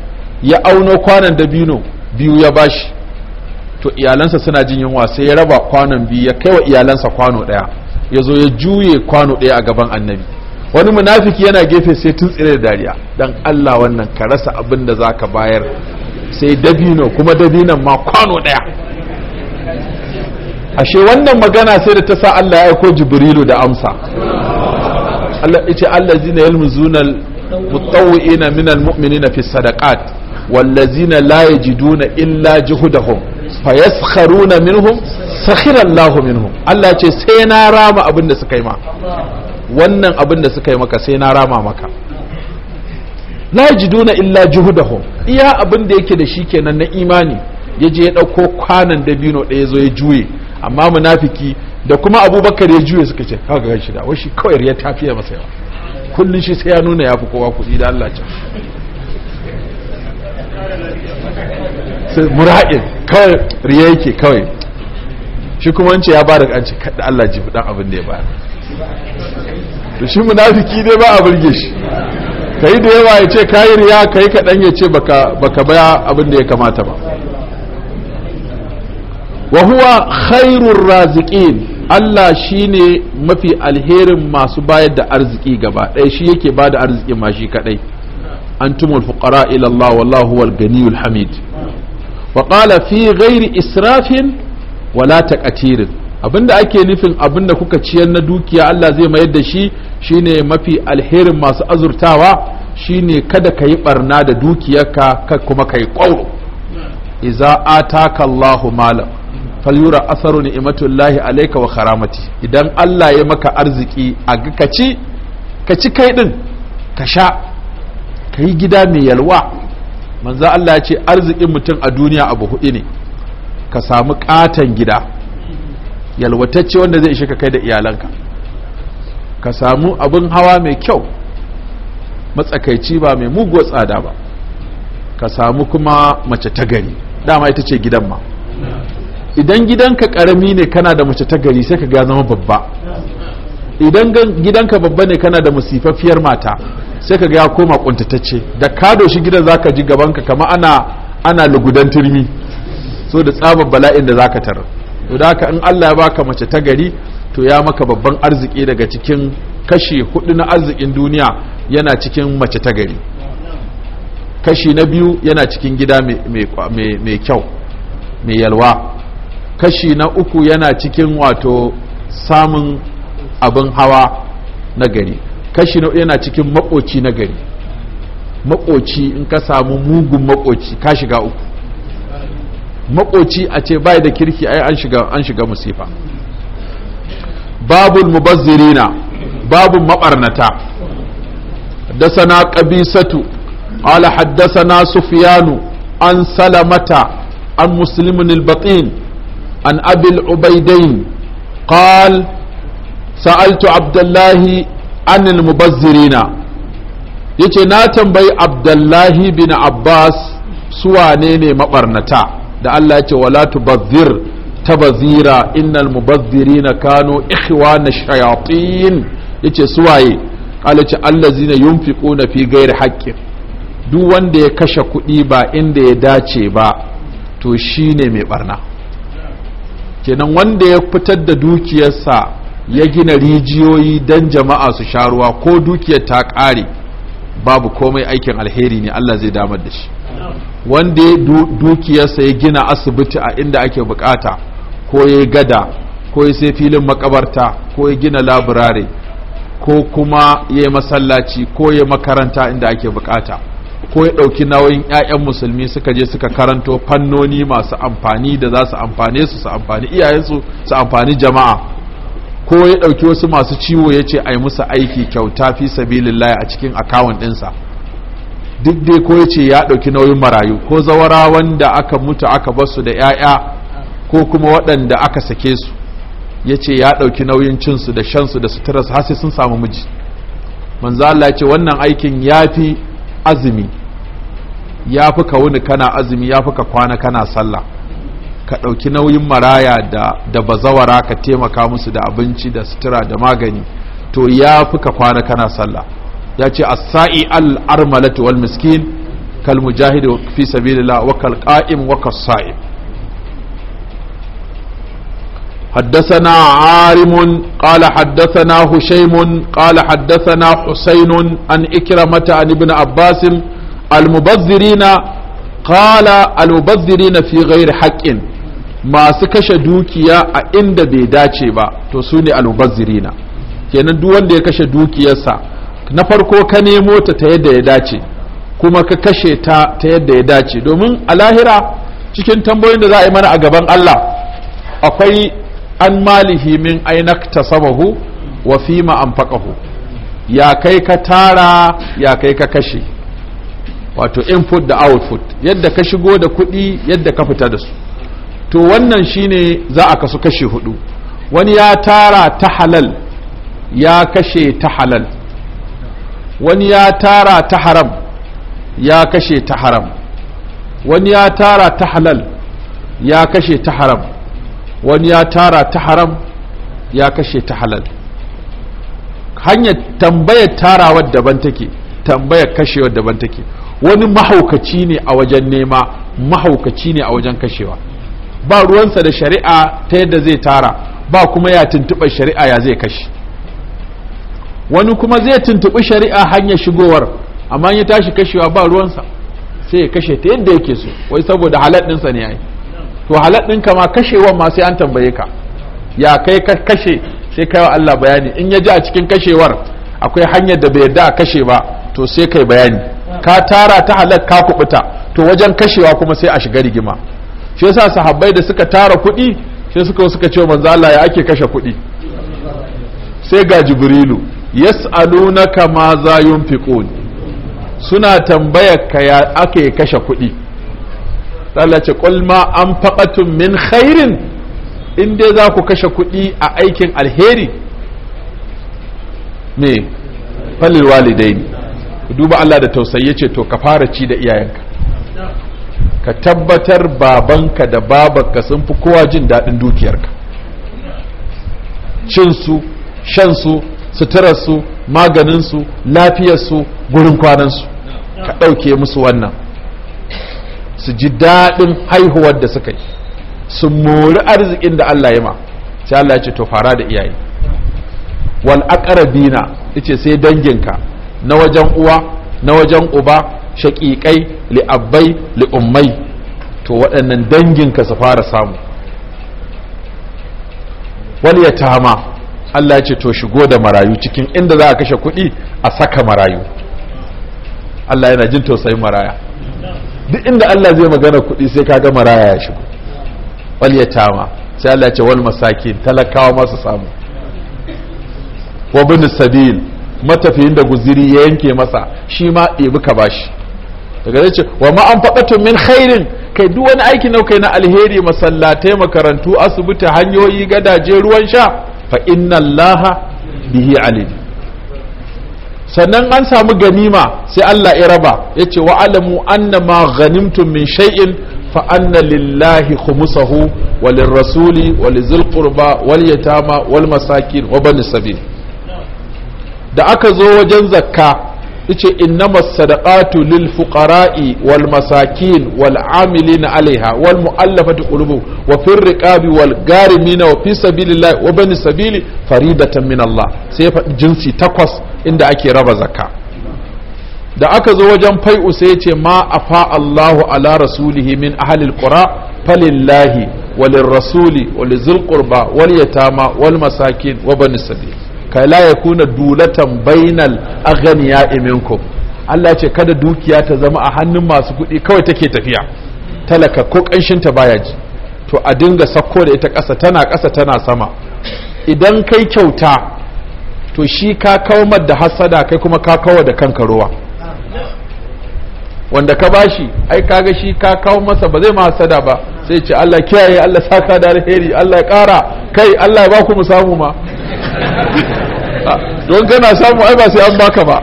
ya auno kwanan dabino biyu ya bashi to iyalansa suna jin yunwa sai ya raba kwanon biyu ya kai wa iyalansa kwano ɗaya ya zo ya juye kwano ɗaya a gaban annabi wani munafiki yana gefe sai tun tsire da dariya dan Allah wannan ka rasa abin da zaka bayar sai dabino kuma dabinan ma kwano ɗaya ashe wannan magana sai da ta sa Allah ya aiko Jibrilu da amsa Allah yace allazina yalmuzunal mutawwi'ina minal mu'minina fi sadaqat wallazina la yajiduna illa juhudahum fayaskharuna minhum sakhira Allah minhum Allah ce sai na rama abin da suka yi ma wannan abin da suka yi maka sai na rama maka la yajiduna illa juhudahum iya abin da yake da shi kenan na imani yaje ya dauko kwanan dabino ɗaya yazo ya juye amma munafiki da kuma abubakar ya juye suka ce ga shi da washi kawai ya tafiya masa yawa kullun shi sai ya nuna yafi kowa kuɗi da Allah ce sai mura'in kawai riya yake kawai shi kuma wance ya ba da ƙanci kaɗa Allah ji ɗan abin da ya ba da shi munafiki dai ba a burge shi yi da yawa ya ce ka yi riya ka yi kaɗan ya ce ba ka baya abin da ya kamata ba wa huwa khairur Allah Allah ne mafi alherin masu bayar da arziki gaba ɗaya shi yake bada arziki ma shi kaɗai an tumul fukara ilallah wallahu wal ganiyul hamid wa qala fi ghairi israfin wala taqatirin abinda ake nufin abinda kuka ciyar na dukiya Allah zai mayar da shi shine mafi alherin masu azurtawa shine kada ka yi barna da dukiyarka ka kuma ka yi ƙwauro iza ataka Allahu malam falyura asaru ni'matullahi alaika wa karamati idan Allah ya maka arziki a ga ka ci ka ci kai din ka sha ka yi gida mai yalwa manzo Allah ya ce arzikin mutum a duniya abu hudu ne ka samu katon gida yalwatacce wanda zai ishe ka kai da iyalanka ka samu abin hawa mai kyau matsakaici ba mai muguwar tsada ba ka samu kuma mace ta gari dama ita ce gidan ma idan gidanka karami ne kana da mace ta gari sai ka ga zama babba idan gidanka babba ne kana da musifaffiyar mata sai ka ga ya koma kuntatacce da ka shi gidan zaka ji gabanka kama ana ana lugudan turmi so da tsabar bala'in da zaka tara to da haka in Allah ya baka mace ta gari to ya maka babban arziki daga cikin kashi hudu na arzikin duniya yana cikin mace ta gari kashi na biyu yana cikin gida mai kyau mai yalwa kashi na uku yana cikin wato samun abin hawa na gari kashi na yana cikin makoci na gari makoci in ka samu mugun makoci ka shiga uku makoci a ce bai da kirki ai an shiga musifa babul mubazzirina babun maɓarnata da sana qabisatu ala haddathana sufyanu an salamata an muslimun albatin an abil ubaidain قال سألت عبد anil mubazzirina yace na tambayi abdullahi bin abbas su ne mabarnata da Allah yace wala tubazzir tabazira innal mubazzirina kanu na shayatin yace suwaye qala ce allazina yunfiquna fi ghairi haqqin duk wanda ya kashe kuɗi ba inda ya dace ba to shine mai barna kenan wanda ya fitar da dukiyarsa ya gina rijiyoyi don jama'a su sha ruwa ko dukiyar ta ƙare babu komai aikin alheri ne Allah zai damar da shi wanda ya dukiyarsa ya gina asibiti a inda ake bukata ko ya gada ko ya sai filin makabarta ko ya gina laburare ko kuma ya yi masallaci ko ya makaranta inda ake bukata ko ya ɗauki nauyin 'ya'yan musulmi suka je suka karanto fannoni masu amfani da za su amfane su su amfani iyayensu su amfani jama'a ko ya ɗauki wasu masu ciwo ya ce a yi musu aiki kyauta fi sabilillahi a cikin akawun ɗinsa duk dai ko ya ce ya ɗauki nauyin marayu ko zawara wanda aka mutu aka basu da 'ya'ya ko kuma waɗanda aka sake su ya ce ya ɗauki nauyin cinsu da shansu da suturarsu har sun samu miji manzo Allah ya ce wannan aikin ya fi azumi ya fi ka kana azumi ya fi ka kwana kana sallah ka ɗauki nauyin maraya da bazawara ka taimaka musu da abinci da sutura da magani to ya fi ka kwana kana sallah ya ce a sa’i al’armalatu wal miskin kal mujahidu fi sabilillah wa kal ƙa’im wa kal sa’im haddasana harimun ƙala haddasana hushaimun ƙala haddasana husainun an ikiramata an ibn abbasin al-mubazzirina ƙala al-mubazzirina fi ghairi haƙƙin masu kashe dukiya a inda bai dace ba to su ne almubazzirina kenan duk wanda ya kashe dukiyarsa na farko ka nemo ta ta yadda ya dace kuma ka kashe ta ta yadda ya dace domin a lahira cikin tambayoyin da za a yi mana a gaban Allah akwai an malihi min ainak tasabahu wa fima anfaqahu ya kai ka tara ya kai ka kashe wato input da output yadda ka shigo da kuɗi yadda ka fita da su to wannan shine za a kasu kashe hudu wani ya tara ta halal ya kashe ta halal wani ya tara ta haram ya kashe ta haram wani ya tara ta halal ya kashe ta haram wani ya tara ta haram ya kashe ta halal hanyar tambayar tarawar daban take tambayar kashewar daban take wani mahaukaci ne a wajen nema mahaukaci ne a wajen kashewa ba ruwansa da shari'a ta yadda zai tara ba kuma ya tuntuɓa shari'a ya zai kashi wani kuma zai tuntuɓi shari'a hanyar shigowar amma ya tashi kashewa ba ruwansa sai ya kashe ta yadda yake so wai saboda halal ɗinsa ne yi. to halal ɗinka ma kashewa ma sai an tambaye ka ya kai ka kashe sai kai wa Allah bayani in ya ji a cikin kashewar akwai hanyar da bai yarda a kashe ba to sai kai bayani ka tara ta halar ka kubuta to wajen kashewa kuma sai a shiga rigima shi yasa sahabbai da suka tara kuɗi sai suka suka ce manzo Allah ya ake kashe kuɗi sai ga jibrilu yas'alunaka ma za yunfiqun suna tambayar ka ya ake kashe kuɗi Allah ce qul ma anfaqatum min khairin in dai za ku kashe kuɗi a aikin alheri me falil walidaini duba Allah da tausayi ce to ka fara ci da iyayenka ka tabbatar babanka da babanka sun fi kowa jin daɗin dukiyarka cinsu shansu suturarsu maganinsu lafiyarsu gurin kwanansu ka ɗauke musu wannan su ji daɗin haihuwar da suka yi su mori arzikin da Allah ya ma sai Allah ya ce to fara da iyaye wal aqrabina yace sai danginka na wajen uwa na wajen uba shaƙiƙai li'abbai li'ummai to waɗannan danginka su fara samu wani ya tama Allah ya ce to shigo da marayu cikin inda za a kashe kuɗi a saka marayu Allah yana jin tausayin maraya duk inda Allah zai magana kuɗi sai kaga maraya ya shigo wal yatama sai Allah ya ce wal masakin talakawa masu samu wa bin sabil matafiyin da guziri ya yanke masa shi ma ɗebi ka bashi daga zai ce wa ma an faɗatun min khairin kai duk wani aiki na kai na alheri masallatai makarantu asibiti hanyoyi gadaje ruwan sha fa inna allaha bihi alim sannan an samu ganima sai Allah ya raba yace wa alamu anna ma ghanimtum min shay'in fa anna lillahi khumsahu wa lirrasuli wa lizil qurba wal yatama wal masakin wa bani sabil da aka zo wajen zakka yace innamas sadaqatu lil fuqara'i wal masakin wal amilina alaiha wal mu'allafati qulubu wa fir riqabi wal garimina wa fi sabilillahi wa bani sabili faridatan min Allah sai ya faɗi jinsi takwas inda ake raba zakka da aka zo wajen fai'u sai yace ma afa Allahu ala rasulihi min ahlil qura falillahi walirrasuli walizil qurba wal yatama wal masakin wa bani sabili kai la kuna dulatan bainal aghniya iminkum Allah ce kada dukiya ta zama a hannun masu kuɗi kawai take tafiya talaka ko ƙanshin ta baya ji to a dinga sakko da ita ƙasa tana ƙasa tana sama idan kai kyauta to shi ka kawmar da hasada kai kuma ka kawo da kanka ruwa wanda ka bashi ai kaga shi ka kawo masa ba zai ma hasada ba sai ce Allah kiyaye Allah saka da alheri Allah ƙara kai Allah ya baku mu samu ma ah, don kana samu ai ba sai an baka ba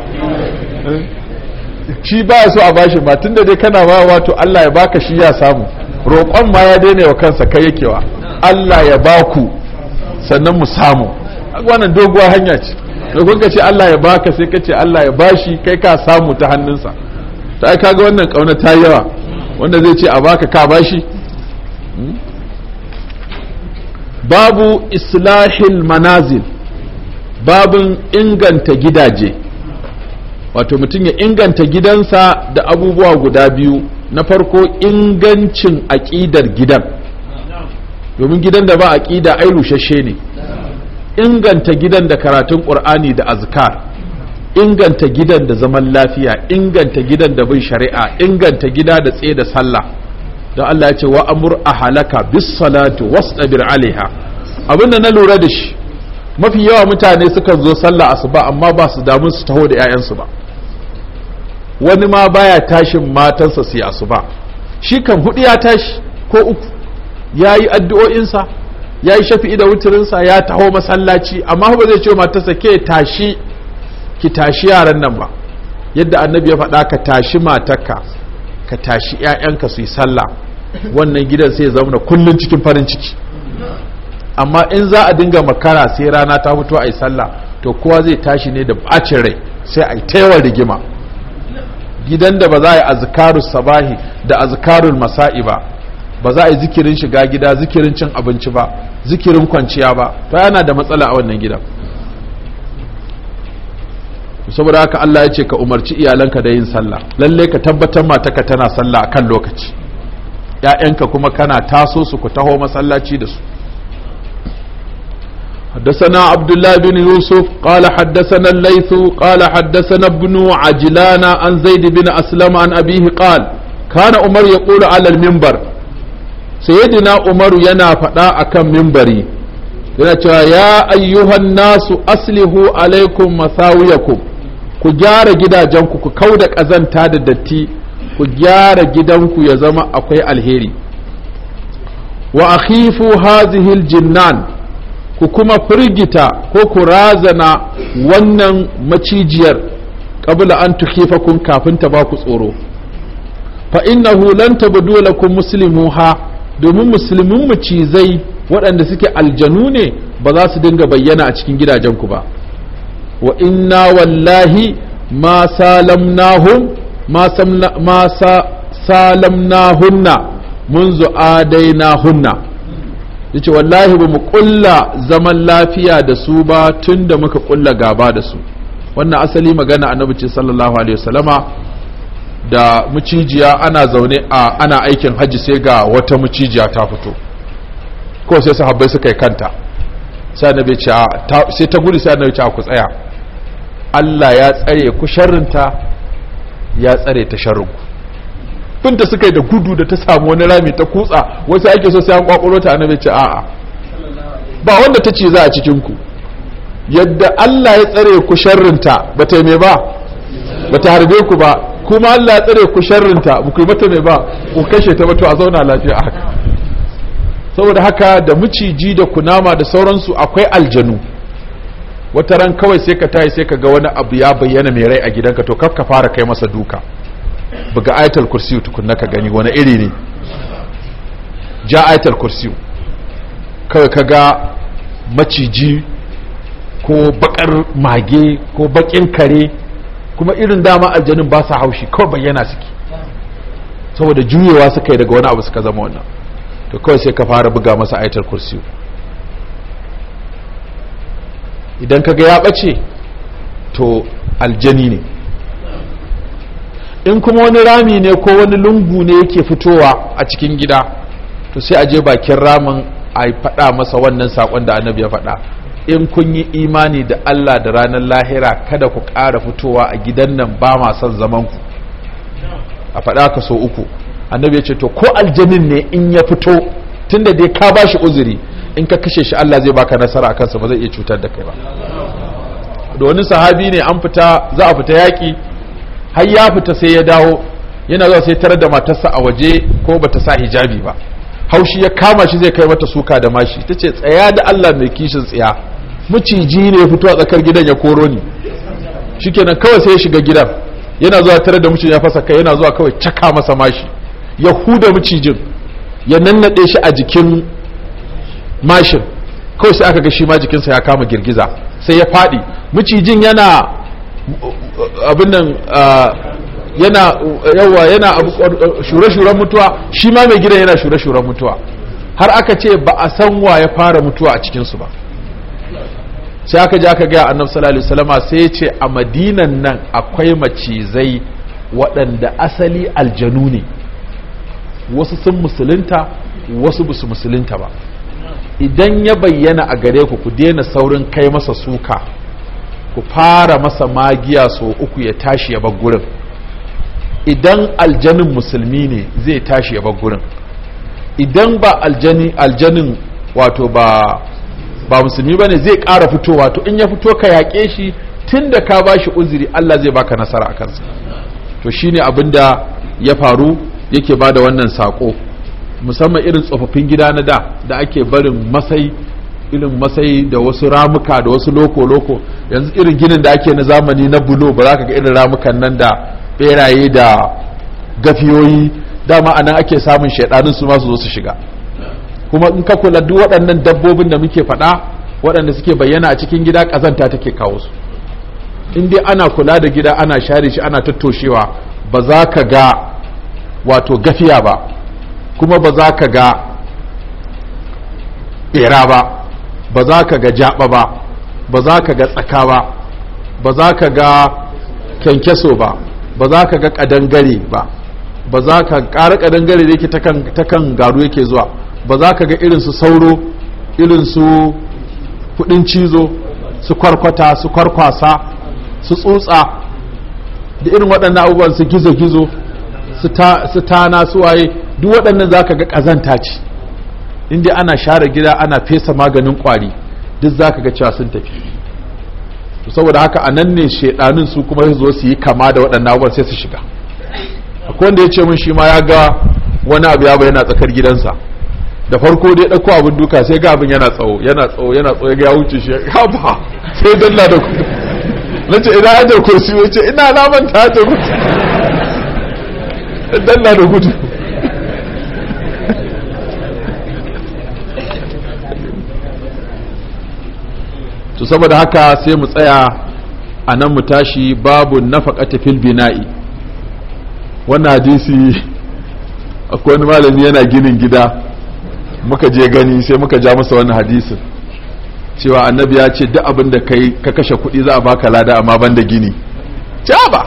shi ba so a bashi ba tunda dai kana ba wato Allah ya baka shi ya samu roƙon ma ya daina wa kansa kai yakewa Allah ya baku sannan mu samu wannan doguwa hanya ce to kun ka ce Allah ya baka sai ka ce Allah ya bashi kai ka samu ta hannunsa ta kaga wannan kauna ta yawa wanda zai ce a baka ka bashi babu islahil manazil babin inganta gidaje wato mutum ya inganta gidansa da abubuwa guda biyu na farko ingancin aƙidar gidan domin gidan da ba aƙida ai rushashe ne inganta gidan da karatun ƙur'ani da azkar inganta gidan da zaman lafiya inganta gidan da bin shari'a inganta gida da tsaye da sallah don Allah ya ce wa amur a halaka bis salatu ɗabir alaiha abinda na lura da shi mafi yawa mutane sukan zo sallah asuba amma ba su damu su taho da 'ya'yansu ba wani ma baya tashin matansa su yi asuba shi kan hudu ya tashi ko uku ya yi addu'o'insa ya yi shafi'i da wuturinsa ya taho masallaci amma ba zai ce matarsa ke tashi ki tashi yaran nan ba yadda annabi ya faɗa ka tashi matarka ka tashi 'ya'yanka su yi sallah wannan gidan sai ya zauna kullum cikin farin ciki amma in za a dinga makara sai rana ta fito a yi sallah to kowa zai tashi ne da bacin rai sai a yi taiwa rigima gidan da ba za a yi azkarul sabahi da azkarul masa'i ba ba za a yi zikirin shiga gida zikirin cin abinci ba zikirin kwanciya ba to yana da matsala a wannan gidan saboda haka Allah ya ce ka umarci iyalanka da yin sallah lalle ka tabbatar mataka tana sallah kan lokaci yayanka kuma kana taso su ku taho masallaci da su. Haddasa na Abdullahi bin Yusuf. Ƙa lahaddasa na Laitu. Ƙa lahaddasa na Bnu Cajilana. An zaiɗi bin asalama an abihi ƙahal. Kano Umar ya ƙone alal mimbar. Sayidina Umar yana faɗa akan mimbari. Dina cewa ya ayyuhan nasu aslihu hu, aleikum masawuyaku. Ku gyara gidajenku ku kauda ƙazanta da datti. ku gyara gidanku ya zama akwai alheri wa akhifu hazihil jinnan ku kuma firgita ko ku razana wannan macijiyar qabla an kun kafin ta ba ku tsoro fa innahu lan tabdu lakum muslimuha domin musulmin macizai waɗanda suke aljanu ne ba za su dinga bayyana a cikin gidajenku ba wa inna wallahi ma salamnahum ma hunna munzu hunna. yace wallahi ba mu kulla zaman lafiya da su ba tunda muka kulla gaba da su wannan asali magana annabi ce sallallahu alaihi wasallama da mucijiya ana zaune a ana aikin hajji sai ga wata mucijiya ta fito ko sai sahabbai suka yi kanta sai annabi ce sai ta gudu sai annabi ce ku tsaya Allah ya tsare ku sharrinta ya tsare ta sharugu ta suka yi da gudu da ta samu wani rami ta kutsa wasu ake so sai an kwakwalo ta annabi ce a'a ba wanda ta ce za a cikin ku yadda Allah ya tsare ku sharrinta ba ta me ba ba ta harbe ku ba kuma Allah ya tsare ku sharrinta ta ku yi mata me ba ku kashe ta ba to a zauna lafiya haka saboda haka da miciji da kunama da sauransu akwai aljanu wata ran kawai sai ka tayi sai ka ga wani abu ya bayyana mai rai a gidanka to kaf fara kai masa duka buga ayatul kursiyu tukunna ka gani wani iri ne ja ayatul kursi. kawai ka ga maciji ko bakar mage ko bakin kare kuma irin dama aljanin ba sa haushi kawai bayyana suke saboda juyewa suka yi daga wani abu suka zama wannan to kawai sai ka fara buga masa ayatul kursi. idan kaga ya ɓace to aljani ne in kuma wani rami ne ko wani lungu ne yake fitowa a cikin gida to sai a je bakin ramin a faɗa masa wannan saƙon da annabi ya faɗa in kun yi imani da Allah da ranar lahira kada ku ƙara fitowa a gidan nan ba ma son zaman ku a faɗa ka so uku annabi ya ce to ko aljanin ne in ya fito tunda dai ka bashi uzuri in ka kashe shi Allah zai baka nasara kansa kansa ba zai iya cutar da kai ba da sahabi ne an fita za a fita yaki har ya fita sai ya dawo yana zuwa sai tar da matarsa a waje ko bata sa hijabi ba haushi ya kama shi zai kai mata suka da mashi ta ce tsaya da Allah mai kishin tsaya maciji ne ya fito a tsakar gidan ya koro ni shikenan kawai sai ya shiga gidan yana zuwa tare da mucin ya fasa kai yana zuwa kawai caka masa mashi ya huda macijin ya nannade shi a jikin mashin kawai sai aka ga shi ma jikinsa ya kama girgiza sai ya faɗi macijin yana abin nan yana yawa yana shure-shuren mutuwa shi ma mai gidan yana shure-shuren mutuwa har aka ce ba a san wa ya fara mutuwa a cikinsu ba sai aka ji aka gaya annabi sallallahu alaihi sai ya ce a madinan nan akwai macizai waɗanda asali aljanu ne wasu sun musulunta wasu ba su musulunta ba idan ya bayyana a gare ku ku daina saurin kai masa suka ku fara masa magiya so uku ya tashi ya gurin idan aljanin musulmi ne zai tashi ya gurin idan ba aljani aljanin wato ba ba musulmi ba ne zai ƙara fitowa to in ya fito ka yaƙe shi tun da ka ba shi uzuri Allah zai baka nasara a kansa to shine abin da ya faru yake ba da wannan saƙo musamman irin tsofaffin gida na da da ake barin masai irin masai da wasu ramuka da wasu loko-loko yanzu irin ginin da ake na zamani na bulo ba za ka ga irin ramukan nan da beraye da gafiyoyi dama anan ake samun shaidanin su masu zo su shiga kuma in ka kula duk waɗannan dabbobin da muke faɗa waɗanda suke bayyana a cikin gida ƙazanta take kawo su in dai ana kula da gida ana share shi ana tattoshewa ba za ka ga wato gafiya ba kuma ba za ka ga ɓera ba ba za ka ga jaɓa ba ba za ka ga tsaka ba ba za ka ga kyankyaso ba ba za ka ga ƙadangare ba ba za ka ƙara ƙadangare da yake ta kan garu yake zuwa ba za ka ga irin sauro irin su kudin cizo su kwarkwata su kwarkwasa su tsutsa da irin waɗannan abubuwan su gizo-gizo su tana su waye duk waɗannan za ka ga ƙazanta ce inda ana share gida ana fesa maganin ƙwari duk za ka ga cewa sun tafi to saboda haka a nan ne shaidanin su kuma zo su yi kama da waɗannan abubuwan sai su shiga akwai wanda ya ce min shi ma ya ga wani abu ya bai yana tsakar gidansa da farko dai ɗauko abin duka sai ga abin yana tsawo yana tsawo yana tsawo ya wuce shi ya ba sai dalla da kudu na ce ina hajjar kursi ya ce ina lamanta ta hajjar kursi dalla da gudu to saboda haka sai mu tsaya a nan mu tashi babu nafaqati fil bina'i wannan hadisi [LAUGHS] akwai wani malami yana ginin gida muka je gani sai muka ja masa wannan hadisin cewa annabi ya ce duk abin da kai ka kashe kuɗi za a baka lada amma ban da gini ce ba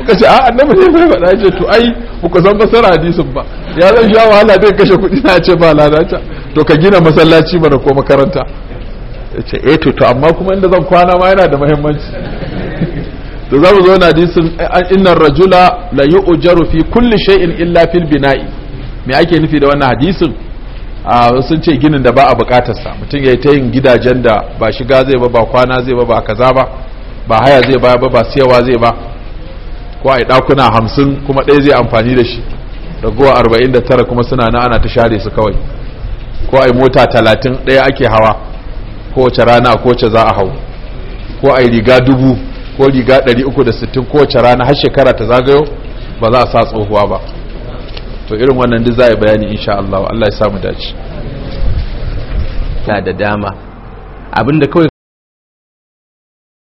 muka ce a annabi ne bai faɗa ce to ai muka san fasara hadisin ba ya zan sha wahala dai kashe kuɗi na ce ba lada ta to ka gina masallaci mana ko makaranta ce eh to amma kuma inda zan kwana ma yana da muhimmanci to za mu zo na hadisin innar rajula la yu'jaru fi kulli shay'in illa fil bina'i me ake nufi da wannan hadisin a sun ce ginin da ba a bukatar sa mutum ya yi ta yin gidajen da ba shiga zai ba ba kwana zai ba ba kaza ba ba haya zai ba ba ba siyawa zai ba ko a dakuna hamsin kuma ɗaya zai amfani da shi ragowa arba'in da tara kuma suna na ana ta share su kawai ko a mota talatin ɗaya ake hawa kowace rana kowace za a hau ko a yi riga dubu ko riga 360 kowace rana har shekara ta zagayo ba za a sa tsohuwa ba to irin wannan duk za a yi bayani insha Allah Allah ya samu dace ta da dama abinda kawai